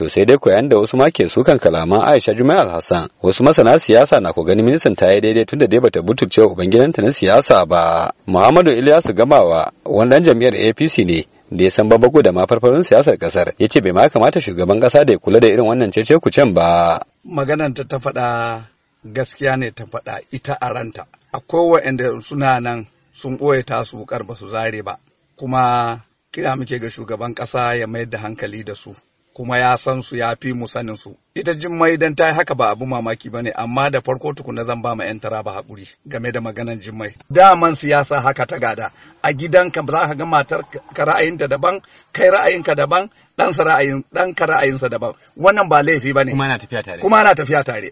To sai dai koyan da wasu ma ke sukan kalaman Aisha al Hassan. Wasu masana siyasa na ku ganin ministan ta yi daidai tunda dai bata butulce ubangidanta na siyasa ba. Muhammadu Ilyasu Gamawa, wannan jam'iyyar APC ne, da ya san babako da ma farfarin siyasar kasar ya ce bai ma kamata shugaban kasa da ya kula da irin wannan cece can ba. Maganan ta ta faɗa gaskiya ne ta faɗa ita a ranta. Akwai waɗanda suna nan sun ɓoye tasu wukar ba su zare ba. Kuma kira muke ga shugaban ƙasa ya mayar da hankali da su. kuma ya san su ya fi mu sanin su ita mai dan ta haka ba abu mamaki ba ne amma da farko tukuna zan ba ma yan taraba hakuri game da maganan Da daman siyasa haka ta gada a gidanka ba za ka ga matar ka ra'ayinta daban kai ra'ayinka daban dan sa ra'ayin dan ka ra'ayinsa daban wannan ba laifi ba ne kuma ana tafiya tare kuma ana tafiya tare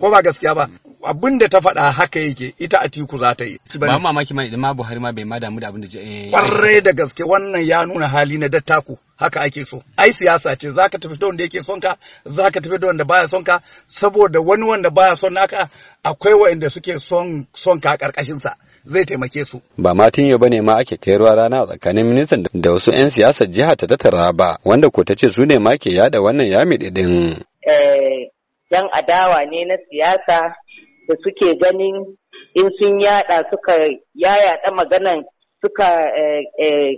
ko ba gaskiya ba abin da ta faɗa haka yake ita Atiku za ta yi. Ba mamaki ma idan ma Buhari ma bai ma damu da abin da eh, kwarai da gaske wannan ya nuna hali na dattaku haka ake so ai siyasa ce za ka tafi da wanda yake son ka za ka tafi da wanda baya son ka saboda wani wanda baya son naka akwai waɗanda suke son son ka karkashin sa zai taimake su ba ma ba ne ma ake kai ruwa rana tsakanin ministan da wasu yan siyasar jiha ta tattara ba wanda ko ta ce su ne ma ke yada wannan yami din eh yan adawa ne na siyasa da suke ganin in sun yada suka yayada maganan suka eh, eh,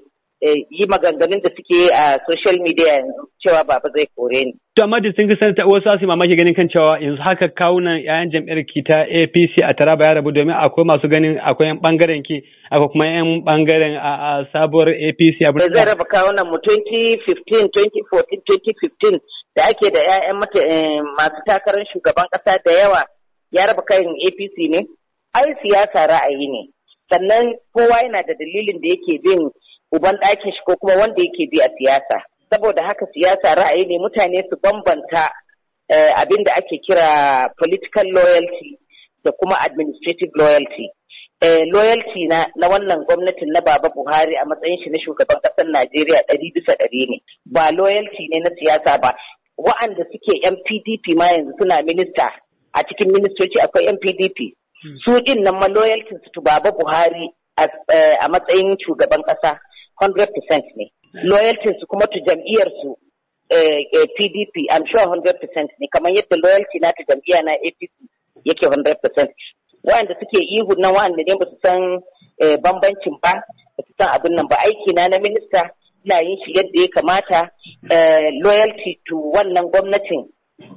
eh, yi maganganun da suke yi a social media cewa baba zai kore ni. To amma da sun ga sanata wasu su mamaki ganin kan cewa yanzu haka kawunan yayan jam'iyyar ki ta APC a Taraba ya rabu domin akwai masu ganin akwai yan bangaren ki akwai kuma yan bangaren a sabuwar APC abin da zai raba kawunan mu 2015 2014 2015 da ake da yayan masu takarar shugaban kasa da yawa ya raba kayan apc ne ai siyasa ra'ayi ne sannan kowa yana da dalilin da yake bin uban ɗakin shi ko kuma wanda yake bi a siyasa saboda haka siyasa ra'ayi ne mutane su bambanta eh, abin da ake kira political loyalty da kuma administrative loyalty eh, loyalty na, na wannan gwamnatin na baba buhari a matsayin shi na shugaban ƙasar najeriya ɗari bisa ɗari ne ba loyalty ne na siyasa ba wa'anda suke MPDP ma yanzu suna minista a cikin ministoci akwai yan pdp hmm. su din nan ma loyalty su baba buhari eh, a matsayin shugaban kasa 100% ne hmm. loyalty su kuma to jam'iyyar su pdp eh, eh, i'm sure 100% ne kamar yadda loyalty na ta jam'iyya na apc yake 100% da suke ihu nan wa'anda ne ba su san bambancin ba ba su san abin nan ba aiki na na minista ina yin shi yadda ya kamata loyalty to wannan gwamnatin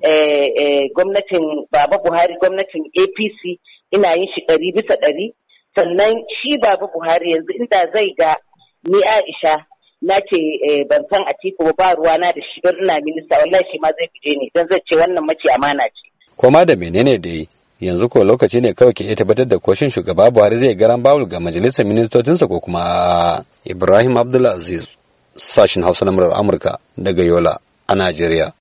Eh, eh, gwamnatin Baba Buhari gwamnatin APC ina yin shi ɗari bisa ɗari. Sannan shi Baba Buhari yanzu inda zai ga ni Aisha na ce eh, ban san a ba ba na da shi don ina minista wallahi shi ma zai fije ni don zai ce wannan mace amana ce. Koma da menene dai yanzu ko lokaci ne kawai ke tabbatar da koshin shugaba Buhari zai garan bawul ga majalisar ministocinsa ko kuma Ibrahim Abdulaziz sashin Hausa na Amurka daga Yola a Najeriya.